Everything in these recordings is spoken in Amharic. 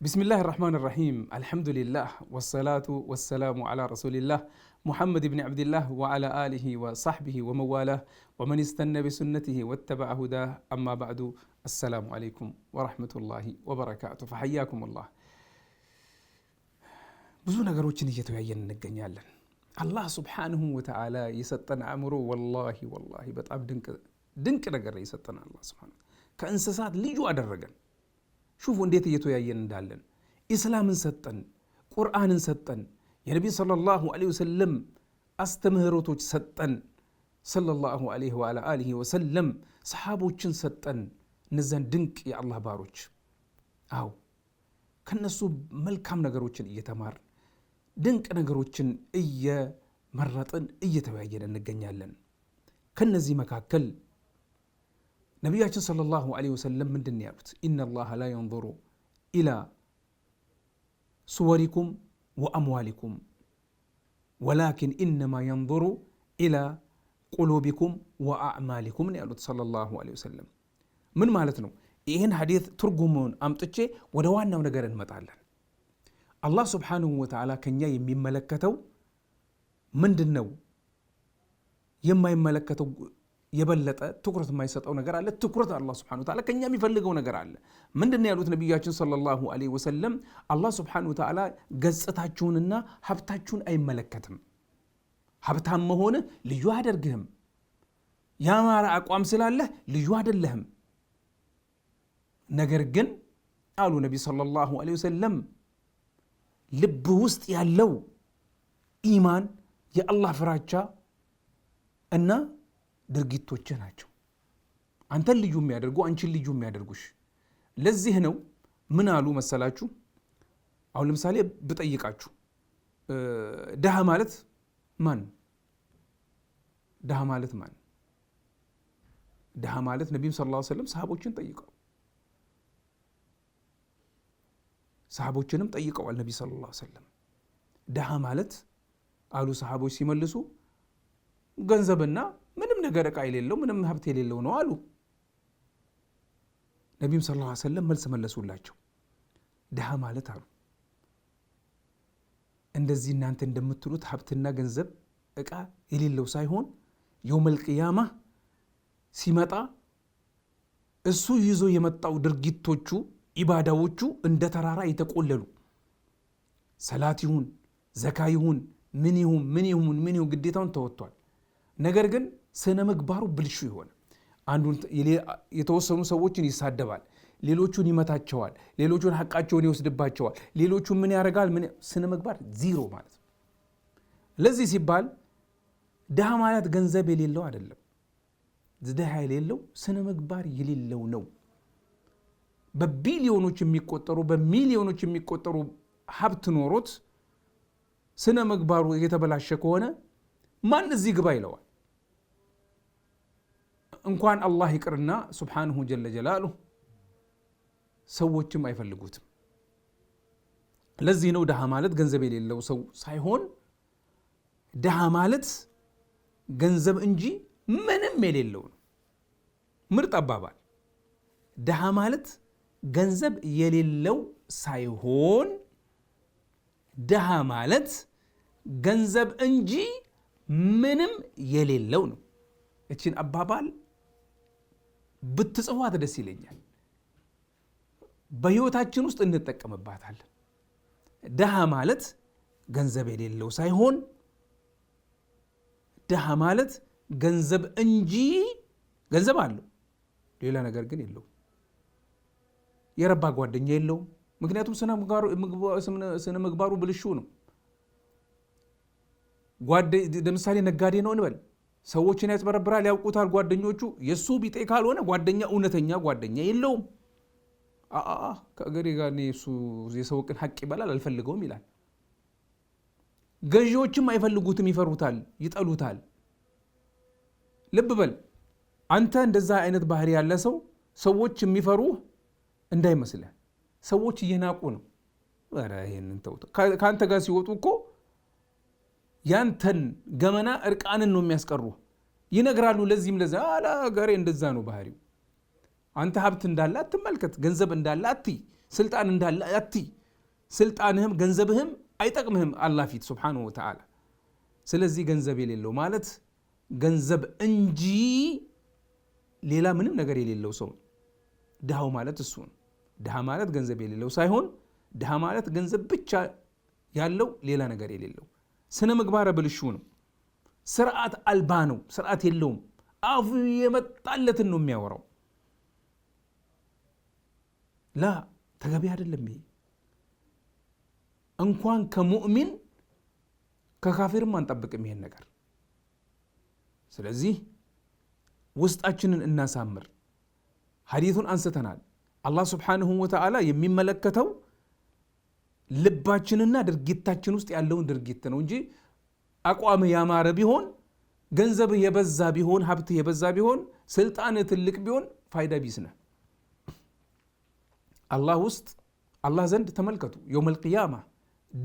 بسم الله الرحمن الرحيم الحمد لله والصلاة والسلام على رسول الله محمد بن عبد الله وعلى آله وصحبه وموالاه ومن استنى بسنته واتبع هداه أما بعد السلام عليكم ورحمة الله وبركاته فحياكم الله بزونا ብዙ ነገሮችን እየተወያየን الله سبحانه وتعالى يسطن የሰጠን والله والله ወላሂ دنك دنك نقر يسطن الله سبحانه كأنسسات ليجو أدرقن ሹፉ እንዴት እየተወያየን እንዳለን። ኢስላምን ሰጠን፣ ቁርአንን ሰጠን፣ የነቢ ሰለላሁ ዐለይሂ ወሰለም አስተምህሮቶች ሰጠን። ሰለላሁ ዐለይሂ ወዐላ አሊሂ ወሰለም ሰሓቦችን ሰጠን። እነዚያን ድንቅ የአላህ ባሮች አው ከነሱ መልካም ነገሮችን እየተማርን ድንቅ ነገሮችን እየመረጥን እየተወያየን እንገኛለን። ከነዚህ መካከል ነቢያችን ሰለላሁ ዐለይሂ ወሰለም ምንድን ያሉት? ኢነላሃ ላ የንظሩ ኢላ ሱወሪኩም ወአምዋሊኩም ወላኪን ኢነማ የንظሩ ኢላ ቁሉቢኩም ወአዕማሊኩም ነው ያሉት ሰለላሁ ዐለይሂ ወሰለም። ምን ማለት ነው? ይህን ሐዲት ትርጉሙን አምጥቼ ወደ ዋናው ነገር እንመጣለን። አላህ ስብሓንሁ ወተዓላ ከእኛ የሚመለከተው ምንድን ነው? የማይመለከተው የበለጠ ትኩረት የማይሰጠው ነገር አለ። ትኩረት አላህ ስብሐነሁ ወተዓላ ከእኛ የሚፈልገው ነገር አለ። ምንድን ያሉት ነቢያችን ሰለላሁ ዐለይሂ ወሰለም? አላህ ስብሐነሁ ወተዓላ ገጽታችሁንና ሀብታችሁን አይመለከትም። ሀብታም መሆን ልዩ አያደርግህም። ያማረ አቋም ስላለህ ልዩ አይደለህም። ነገር ግን አሉ ነቢ ሰለላሁ ዐለይሂ ወሰለም ልብ ውስጥ ያለው ኢማን የአላህ ፍራቻ እና ድርጊቶችህ ናቸው አንተን ልዩ የሚያደርጉ አንቺን ልዩ የሚያደርጉሽ። ለዚህ ነው ምን አሉ መሰላችሁ? አሁን ለምሳሌ ብጠይቃችሁ ድሃ ማለት ማን ነው? ማለት ማን ነው? ማለት ነቢም ስለ ላ ወሰለም ሰሃቦችን ጠይቀው ሰሃቦችንም ጠይቀዋል። ነቢ ስለ ላ ወሰለም ድሃ ማለት አሉ ሰሃቦች ሲመልሱ ገንዘብና ምንም ነገር እቃ የሌለው ምንም ሀብት የሌለው ነው አሉ። ነቢዩም ሰለላሁ ዐለይሂ ወሰለም መልስ መለሱላቸው። ድሃ ማለት አሉ እንደዚህ እናንተ እንደምትሉት ሀብትና ገንዘብ እቃ የሌለው ሳይሆን የውመል ቅያማ ሲመጣ እሱ ይዞ የመጣው ድርጊቶቹ ኢባዳዎቹ እንደ ተራራ የተቆለሉ ሰላት ይሁን ዘካ ይሁን ምን ይሁን ምን ይሁን ምን ይሁን ግዴታውን ተወጥቷል። ነገር ግን ስነ ምግባሩ ብልሹ የሆነ አንዱ የተወሰኑ ሰዎችን ይሳደባል፣ ሌሎቹን ይመታቸዋል፣ ሌሎቹን ሀቃቸውን ይወስድባቸዋል፣ ሌሎቹን ምን ያደርጋል? ምን ስነ ምግባር ዚሮ ማለት ነው። ለዚህ ሲባል ድሃ ማለት ገንዘብ የሌለው አይደለም። ድሃ የሌለው ስነ ምግባር የሌለው ነው። በቢሊዮኖች የሚቆጠሩ በሚሊዮኖች የሚቆጠሩ ሀብት ኖሮት ስነ ምግባሩ የተበላሸ ከሆነ ማን እዚህ ግባ ይለዋል? እንኳን አላህ ይቅርና ሱብሓነሁ ጀለ ጀላሉ ሰዎችም አይፈልጉትም። ለዚህ ነው ድሃ ማለት ገንዘብ የሌለው ሰው ሳይሆን ድሃ ማለት ገንዘብ እንጂ ምንም የሌለው ነው። ምርጥ አባባል። ድሃ ማለት ገንዘብ የሌለው ሳይሆን ድሃ ማለት ገንዘብ እንጂ ምንም የሌለው ነው። እችን አባባል ብትጽፏት ደስ ይለኛል። በሕይወታችን ውስጥ እንጠቀምባታለን። ድሃ ማለት ገንዘብ የሌለው ሳይሆን ድሃ ማለት ገንዘብ እንጂ ገንዘብ አለው ሌላ ነገር ግን የለው የረባ ጓደኛ የለው ምክንያቱም ስነ ምግባሩ ብልሹ ነው። ለምሳሌ ነጋዴ ነው እንበል ሰዎችን ያጭበረብራል፣ ያውቁታል ጓደኞቹ። የእሱ ቢጤ ካልሆነ ጓደኛ እውነተኛ ጓደኛ የለውም። ከእገሬ ጋር እሱ የሰውቅን ሀቅ ይበላል አልፈልገውም ይላል። ገዢዎችም አይፈልጉትም፣ ይፈሩታል፣ ይጠሉታል። ልብ በል አንተ እንደዛ አይነት ባህሪ ያለ ሰው ሰዎች የሚፈሩ እንዳይመስለ ሰዎች እየናቁ ነው። ይህንን ተውተው ከአንተ ጋር ሲወጡ እኮ ያንተን ገመና እርቃንን ነው የሚያስቀሩ ይነግራሉ። ለዚህም ለዚ ገሬ እንደዛ ነው ባህሪው። አንተ ሀብት እንዳለ አትመልከት፣ ገንዘብ እንዳለ አትይ፣ ስልጣን እንዳለ አትይ። ስልጣንህም ገንዘብህም አይጠቅምህም አላህ ፊት ሱብሓነሁ ወተዓላ። ስለዚህ ገንዘብ የሌለው ማለት ገንዘብ እንጂ ሌላ ምንም ነገር የሌለው ሰው ነው። ድሃው ማለት እሱ ነው። ድሃ ማለት ገንዘብ የሌለው ሳይሆን ድሃ ማለት ገንዘብ ብቻ ያለው ሌላ ነገር የሌለው ስነ ምግባረ ብልሹ ነው። ስርዓት አልባ ነው። ስርዓት የለውም። አፉ የመጣለትን ነው የሚያወራው። ላ ተገቢ አይደለም። ይሄ እንኳን ከሙእሚን ከካፊርም አንጠብቅም ይሄን ነገር። ስለዚህ ውስጣችንን እናሳምር። ሀዲቱን አንስተናል። አላህ ስብሓንሁ ወተዓላ የሚመለከተው ልባችንና ድርጊታችን ውስጥ ያለውን ድርጊት ነው እንጂ አቋምህ ያማረ ቢሆን ገንዘብህ የበዛ ቢሆን ሀብትህ የበዛ ቢሆን ስልጣን ትልቅ ቢሆን ፋይዳ ቢስ ነህ። አላህ ውስጥ አላህ ዘንድ ተመልከቱ፣ የውመል ቂያማ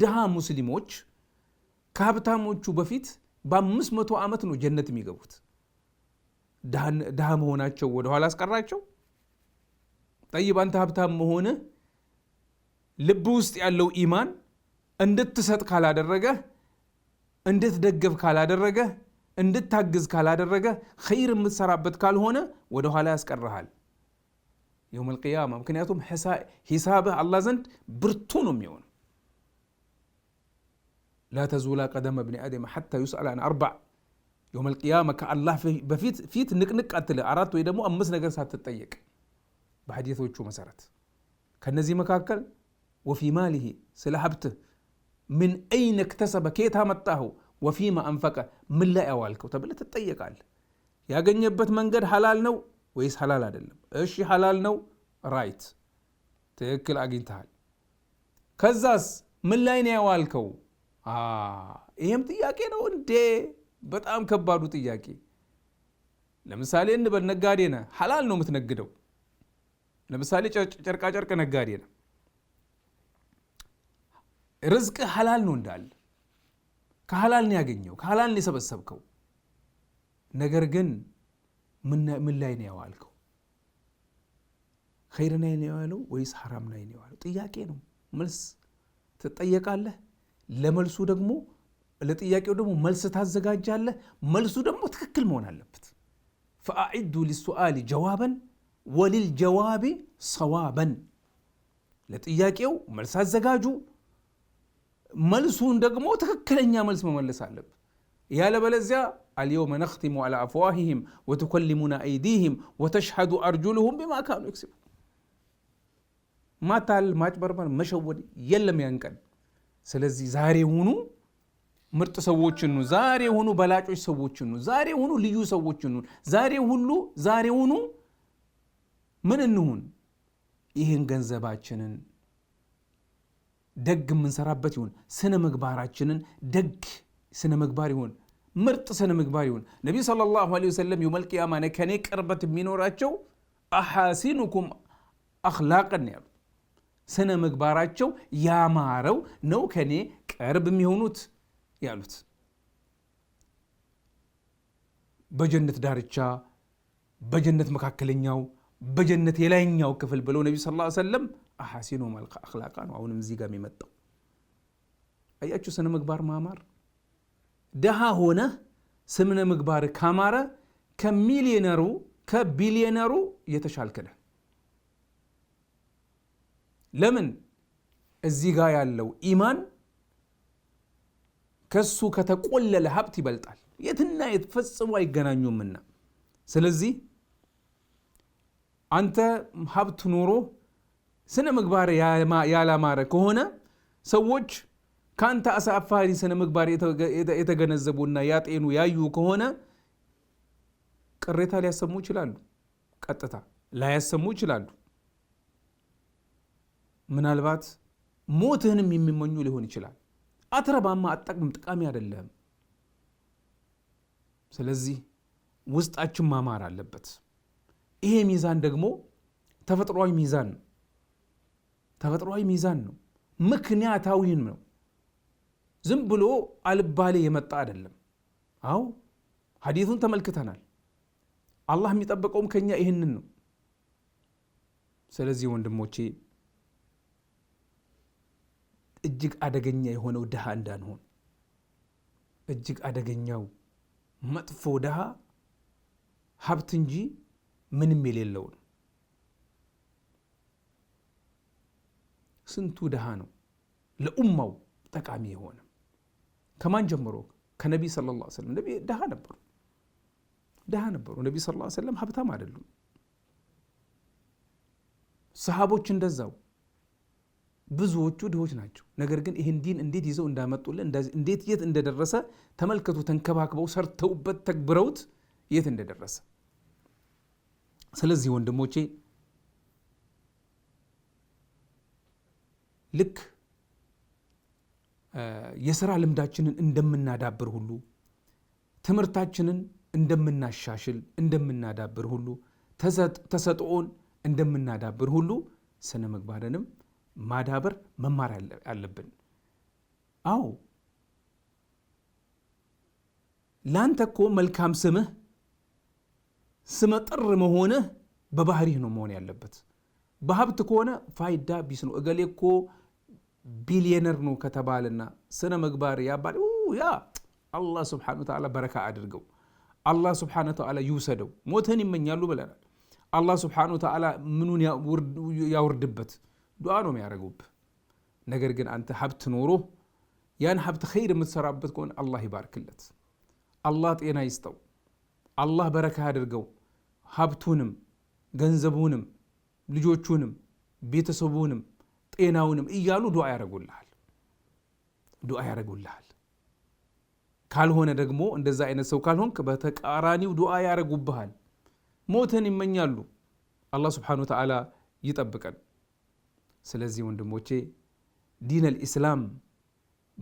ድሃ ሙስሊሞች ከሀብታሞቹ በፊት በአምስት መቶ ዓመት ነው ጀነት የሚገቡት። ድሃ መሆናቸው ወደኋላ አስቀራቸው። ጠይብ አንተ ሀብታም መሆንህ ልብ ውስጥ ያለው ኢማን እንድትሰጥ ካላደረገህ፣ እንድትደገፍ ካላደረገ እንድታግዝ ካላደረገ ኸይር የምትሰራበት ካልሆነ ወደኋላ ያስቀርሃል የውመል ቂያማ። ምክንያቱም ሂሳብህ አላህ ዘንድ ብርቱ ነው የሚሆነው። ላ ተዙላ ቀደመ ብኒ አደም ሐታ ዩስአል አን አርባዕ የውመል ቂያማ ከአላህ በፊት ፊት ንቅንቅ አትልህ አራት ወይ ደግሞ አምስት ነገር ሳትጠየቅ በሐዲቶቹ መሰረት ከነዚህ መካከል ወፊ ማሊሂ ስለ ሀብትህ ምን አይነ ክተሰበ ከየት አመጣኸው፣ ወፊማ አንፈቀ ምን ላይ ያዋልከው ተብለ ትጠየቃል? ያገኘበት መንገድ ሀላል ነው ወይስ ሀላል አይደለም? እሺ ሀላል ነው፣ ራይት ትክክል አግኝተሃል። ከዛስ ምን ላይ ነው ያዋልከው? ይህም ጥያቄ ነው እንዴ! በጣም ከባዱ ጥያቄ። ለምሳሌ እንበል ነጋዴ ነህ፣ ሀላል ነው የምትነግደው። ለምሳሌ ጨርቃጨርቅ ነጋዴ ነህ ርዝቅ ሀላል ነው እንዳለ ከሀላል ነው ያገኘው፣ ከሀላል ነው የሰበሰብከው። ነገር ግን ምን ላይ ነው ያዋልከው? ኸይር ላይ ነው የዋለው ወይስ ሐራም ላይ ነው የዋለው? ጥያቄ ነው። መልስ ትጠየቃለህ። ለመልሱ ደግሞ ለጥያቄው ደግሞ መልስ ታዘጋጃለህ። መልሱ ደግሞ ትክክል መሆን አለበት። ፈአዒዱ ሊሱአሊ ጀዋበን ወሊልጀዋቢ ሰዋበን። ለጥያቄው መልስ አዘጋጁ መልሱን ደግሞ ትክክለኛ መልስ መመለስ አለብን። ያለበለዚያ አልየውመ ነኽቲሙ አላ አፍዋሂህም ወቱከሊሙና አይዲህም ወተሽሀዱ አርጁልሁም ቢማ ካኑ የክሲቡ። ማታል፣ ማጭበርበር፣ መሸወድ የለም ያንቀን። ስለዚህ ዛሬ ሁኑ ምርጥ ሰዎችን ኑ፣ ዛሬ ሁኑ በላጮች ሰዎችን ኑ፣ ዛሬ ሁኑ ልዩ ሰዎችን ኑ፣ ዛሬ ሁሉ ዛሬ ሁኑ ምን እንሁን ይህን ገንዘባችንን ደግ የምንሰራበት ይሁን። ስነ ምግባራችንን ደግ ስነ ምግባር ይሁን፣ ምርጥ ስነ ምግባር ይሁን። ነቢዩ ሰለላሁ ዐለይሂ ወሰለም የውመል ቂያማ ከኔ ቅርበት የሚኖራቸው አሐሲኑኩም አኽላቅን ያሉት ስነ ምግባራቸው ያማረው ነው ከኔ ቅርብ የሚሆኑት ያሉት። በጀነት ዳርቻ፣ በጀነት መካከለኛው በጀነት የላይኛው ክፍል ብለው ነቢ ስለ ሰለም አሐሲኑ መልክ አክላቃ ነው። አሁንም እዚህ ጋር የመጣው አያችሁ፣ ስነ ምግባር ማማር። ደሃ ሆነ ስነ ምግባር ካማረ ከሚሊዮነሩ ከቢሊዮነሩ የተሻልክነ። ለምን እዚህ ጋር ያለው ኢማን ከሱ ከተቆለለ ሀብት ይበልጣል። የትና የት ፈጽሞ አይገናኙምና ስለዚህ አንተ ሀብት ኖሮ ስነ ምግባር ያላማረ ከሆነ ሰዎች ከአንተ አሳፋሪ ስነ ምግባር የተገነዘቡና ያጤኑ ያዩ ከሆነ ቅሬታ ሊያሰሙ ይችላሉ። ቀጥታ ላያሰሙ ይችላሉ። ምናልባት ሞትህንም የሚመኙ ሊሆን ይችላል። አትረባማ፣ አጠቅም፣ ጠቃሚ አይደለም። ስለዚህ ውስጣችን ማማር አለበት። ይሄ ሚዛን ደግሞ ተፈጥሯዊ ሚዛን ነው። ተፈጥሯዊ ሚዛን ነው። ምክንያታዊም ነው። ዝም ብሎ አልባሌ የመጣ አይደለም። አው ሀዲቱን ተመልክተናል። አላህ የሚጠብቀውም ከኛ ይህንን ነው። ስለዚህ ወንድሞቼ እጅግ አደገኛ የሆነው ድሃ እንዳንሆን እጅግ አደገኛው መጥፎ ድሃ ሀብት እንጂ ምንም የሌለውን ስንቱ ድሃ ነው ለኡማው ጠቃሚ የሆነ ከማን ጀምሮ ከነቢ ሰለላሁ ዐለይሂ ወሰለም ድሃ ነበሩ ድሃ ነበሩ ነቢ ሰለላሁ ላ ወሰለም ሀብታም አይደሉም ሰሃቦች እንደዛው ብዙዎቹ ድሆች ናቸው ነገር ግን ይህን ዲን እንዴት ይዘው እንዳመጡልን እንዴት የት እንደደረሰ ተመልከቱ ተንከባክበው ሰርተውበት ተግብረውት የት እንደደረሰ ስለዚህ ወንድሞቼ ልክ የስራ ልምዳችንን እንደምናዳብር ሁሉ ትምህርታችንን እንደምናሻሽል እንደምናዳብር ሁሉ ተሰጥኦን እንደምናዳብር ሁሉ ስነ ምግባርንም ማዳበር መማር አለብን። አዎ ለአንተ እኮ መልካም ስምህ ስመጥር መሆንህ በባህሪህ ነው መሆን ያለበት። በሀብት ከሆነ ፋይዳ ቢስ ነው። እገሌ እኮ ቢሊየነር ነው ከተባለና ስነ ምግባር ያባል ያ አላህ ስብሓነሁ ወተዓላ በረካ አድርገው፣ አላህ ስብሓነሁ ወተዓላ ይውሰደው። ሞትን ይመኛሉ ብለናል። አላህ ስብሓነሁ ወተዓላ ምኑን ያውርድበት፣ ዱዓ ነው የሚያደርጉብህ። ነገር ግን አንተ ሀብት ኖሮ ያን ሀብት ኸይር የምትሰራበት ከሆነ አላህ ይባርክለት፣ አላህ ጤና ይስጠው። አላህ በረካ አድርገው ሀብቱንም ገንዘቡንም ልጆቹንም ቤተሰቡንም ጤናውንም እያሉ ዱዓ ያደርጉልሃል ዱዓ ያደርጉልሃል። ካልሆነ ደግሞ እንደዛ አይነት ሰው ካልሆንክ በተቃራኒው ዱዓ ያደርጉብሃል። ሞትን ይመኛሉ። አላህ ስብሓነሁ ወተዓላ ይጠብቀን። ስለዚህ ወንድሞቼ ዲን አልኢስላም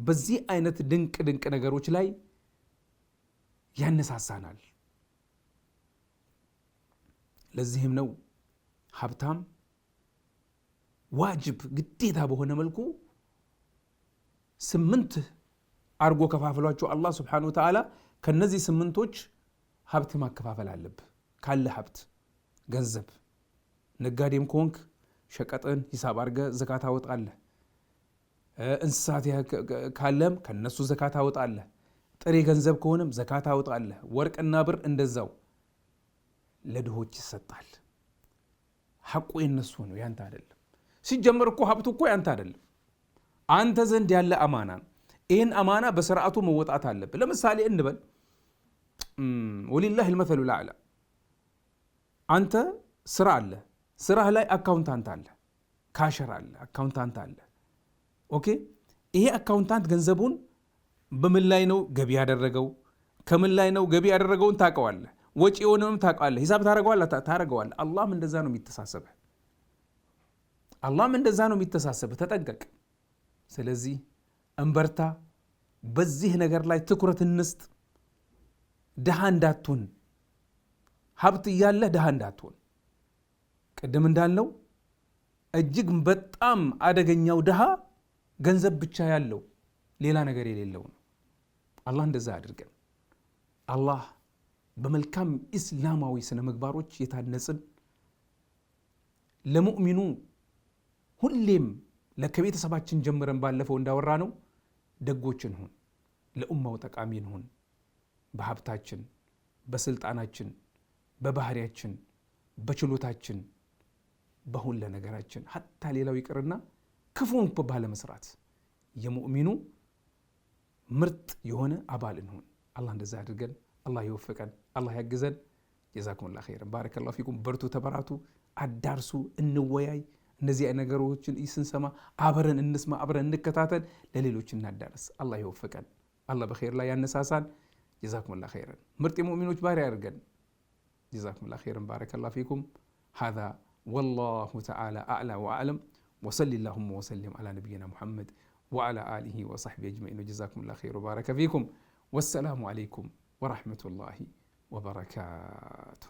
በዚህ አይነት ድንቅ ድንቅ ነገሮች ላይ ያነሳሳናል። ለዚህም ነው ሀብታም ዋጅብ ግዴታ በሆነ መልኩ ስምንት አርጎ ከፋፍሏቸው አላህ ስብሓነሁ ወተዓላ ከነዚህ ስምንቶች ሀብት ማከፋፈል አለብ ካለ ሀብት ገንዘብ፣ ነጋዴም ከሆንክ ሸቀጥን ሂሳብ አርገ ዘካታ ወጣለህ። እንስሳት ካለም ከነሱ ዘካታ ወጣለህ። ጥሬ ገንዘብ ከሆነም ዘካታ ወጣለህ። ወርቅና ብር እንደዛው ለድሆች ይሰጣል። ሐቁ የነሱ ነው፣ ያንተ አይደለም። ሲጀመር እኮ ሀብቱ እኮ ያንተ አይደለም፣ አንተ ዘንድ ያለ አማና ነው። ይህን አማና በስርዓቱ መወጣት አለብን። ለምሳሌ እንበል ወሊላህ ልመተሉ ላዕላ አንተ ስራ አለ፣ ስራህ ላይ አካውንታንት አለ፣ ካሸር አለ፣ አካውንታንት አለ። ኦኬ ይሄ አካውንታንት ገንዘቡን በምን ላይ ነው ገቢ ያደረገው? ከምን ላይ ነው ገቢ ያደረገውን ታውቀዋለህ። ወጪ የሆነውም ታውቃለህ። ሂሳብ ታደረገዋለህ ታደረገዋለህ። አላህም እንደዛ ነው የሚተሳሰብህ። አላህም እንደዛ ነው የሚተሳሰብህ። ተጠንቀቅ። ስለዚህ እንበርታ፣ በዚህ ነገር ላይ ትኩረት እንስጥ። ድሃ እንዳትሆን፣ ሀብት እያለህ ድሃ እንዳትሆን። ቅድም እንዳልነው እጅግ በጣም አደገኛው ድሃ ገንዘብ ብቻ ያለው ሌላ ነገር የሌለው ነው። አላህ እንደዛ አድርገን አላህ በመልካም ኢስላማዊ ስነ ምግባሮች የታነጽን ለሙእሚኑ ሁሌም ከቤተሰባችን ጀምረን ባለፈው እንዳወራ ነው ደጎች እንሁን፣ ለኡማው ጠቃሚ እንሁን። በሀብታችን፣ በስልጣናችን፣ በባህሪያችን፣ በችሎታችን፣ በሁለ ነገራችን ሀታ ሌላው ይቅርና ክፉ ባለመስራት የሙእሚኑ ምርጥ የሆነ አባል እንሁን። አላህ እንደዛ አድርገን አላህ ይወፈቀን። الله يجزن جزاكم الله خير بارك الله فيكم برتو تبراتو أدارسو النوياي نزي أنا جروتش إيسن سما عبرن النسمة عبرن النكتاتن لليلوتش الندارس الله يوفقن الله بخير لا ينساسان جزاكم الله خير مرتي مؤمن باري أرجن جزاكم الله خير بارك الله فيكم هذا والله تعالى أعلى وأعلم وصلي اللهم وسلم على نبينا محمد وعلى آله وصحبه أجمعين وجزاكم الله خير وبارك فيكم والسلام عليكم ورحمة الله وبركاته